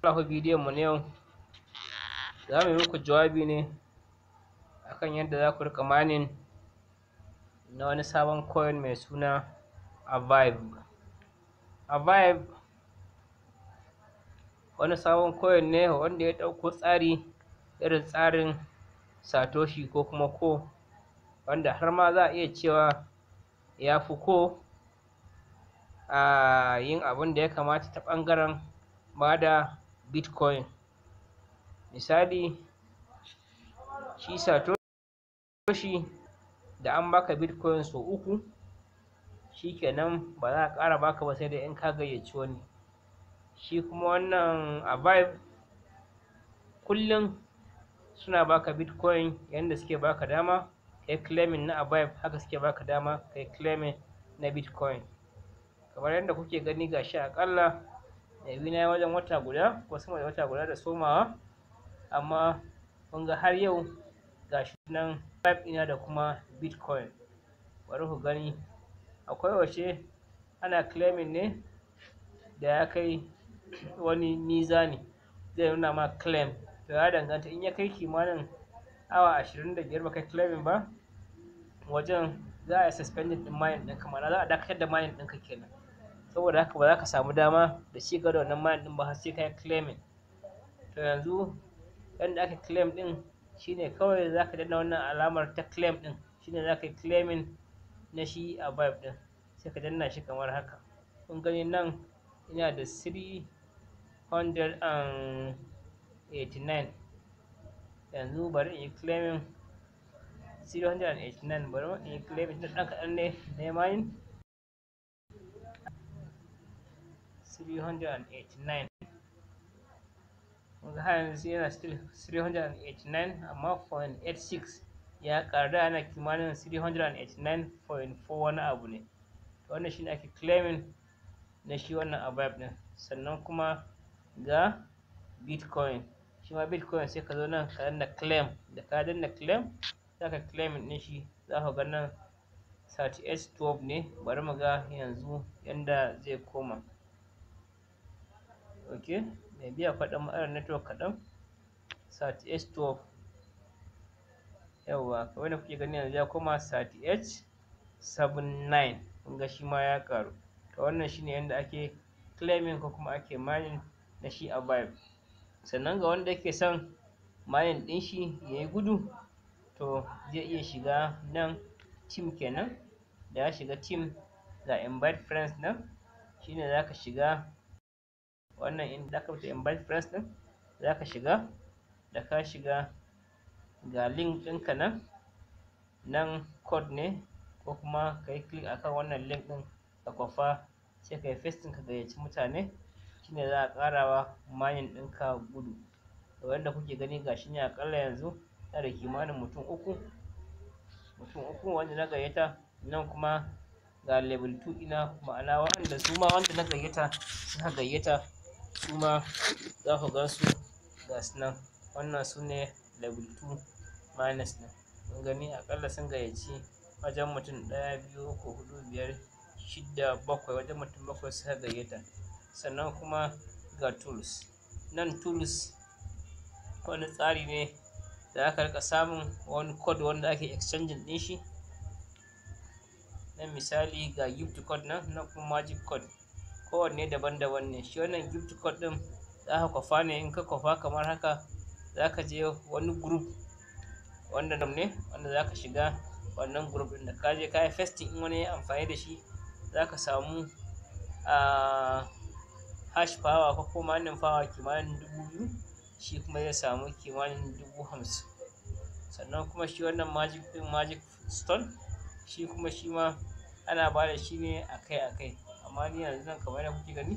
ku bidiyon mu na yau za mu yi muku jawabi ne akan yadda za ku riƙa mining na wani sabon coin mai suna Avive Avive wani sabon coin ne wanda ya ɗauko tsari irin tsarin Satoshi ko kuma Ko wanda har ma za a iya cewa ya fi Ko a yin abin da ya kamata ta ɓangaren ba da bitcoin misali shi satoshi da an baka bitcoin sau uku shikenan ba za a ƙara baka ba sai da in ka gayyaci wani shi kuma wannan a vibe kullum suna baka bitcoin yadda suke baka dama kai claiming na a vibe haka suke baka dama kai claiming na bitcoin kamar yadda kuke gani ga gashi akalla ɗabi eh, na wajen wata guda ko sama da wata guda da somawa amma kun ga har yau shi nan pipe ina da kuma bitcoin bari ku gani akwai wace ana claiming ne da ya kai wani ne zai nuna ma claim to ya danganta in ya kai kimanin awa ashirin da biyar baka claiming ba wajen za a yi suspended din ɗinka ma'ana za a dakatar da mayan ɗinka kenan saboda haka ba za ka samu dama da shi ga da wannan mine ba har sai ka yi claiming to yanzu yanda aka claim ɗin shine kawai za ka danna wannan alamar ta claim ɗin shine za ka yi claiming na shi a vibe ɗin sai ka danna shi kamar haka kun gani nan ina da 389 yanzu bari in yi claiming 389 bari in yi claiming ɗan kaɗan ne na yi 389 yana still 389 amma 0.86 ya ƙaru ana kimanin 389.4 wani abu ne to wannan shine ake claiming na shi wannan abab ne sannan kuma ga bitcoin shi ma bitcoin sai ka zo nan ka danna claim da ka danna claim za ka claim din shi za ka ga 38 12 ne bari mu ga yanzu yanda zai koma ok mai biya faɗin ma'ayar network kaɗan sat h12 yawwa kawai da kuke gani yanzu ya koma sat h79 shi ma ya karu to wannan shine yadda ake claiming ko kuma ake mining na shi a vibe sannan ga wanda yake son mining ɗin shi ya yi gudu to zai iya shiga nan team kenan da ya shiga team ga invite friends nan shine za ka shiga wannan in da ka fita invite friends din za ka shiga da ka shiga ga link ɗinka nan nan code ne ko kuma ka yi click akan wannan link ɗin ka kwafa sai ka yi pasting ka gayyaci mutane shine za a ƙarawa mayin ɗinka gudu wanda kuke gani ga gashi ne akalla yanzu yana da kimanin mutum uku mutum uku wanda na gayyata nan kuma ga level 2 ina ma'ana waɗanda su ma wanda na gayyata suka gayyata su ma za ku gan su ga wannan su ne level 2 minus ɗin kun gani akalla sun gayyaci wajen mutum ɗaya biyu ko huɗu biyar shidda bakwai wajen mutum bakwai suka gayyata sannan kuma ga tools nan tools wani tsari ne da aka rika samun wani code wanda ake exchanging din shi na misali ga gift code nan na kuma magic code kowanne daban-daban ne shi wannan gift code za ka kwafa ne in ka kwafa kamar haka za ka je wani group wanda nam ne wanda ka shiga wannan group ɗin da ka je ka yi festing in wani ya amfani da shi za ka samu a hash power ko kuma power kimanin dubu biyu shi kuma zai samu kimanin dubu hamsin sannan kuma shi wannan magic ɗin magic stone shi kuma shi ma ana ba da shi ne akai-akai amma ni yanzu nan kamar yadda kuke gani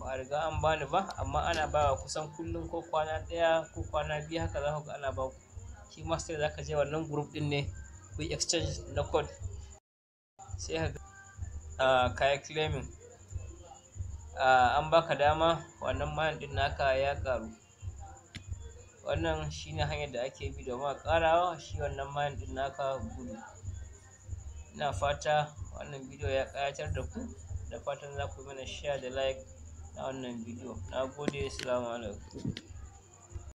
ba a riga an bani ba amma ana bawa kusan kullum ko kwana ɗaya ko kwana biyu haka za ku ga ana ba ku ma sai za ka je wannan group ɗin ne ku exchange na code sai ka ga claiming an baka dama wannan mayan ɗin naka ya karu wannan shine hanyar da ake bi domin a karawa, shi wannan mayan ɗin naka gudu ina fata wannan bidiyo ya ƙayatar da ku da fatan za ku mana share da like na wannan bidiyo na gode salamu alaikum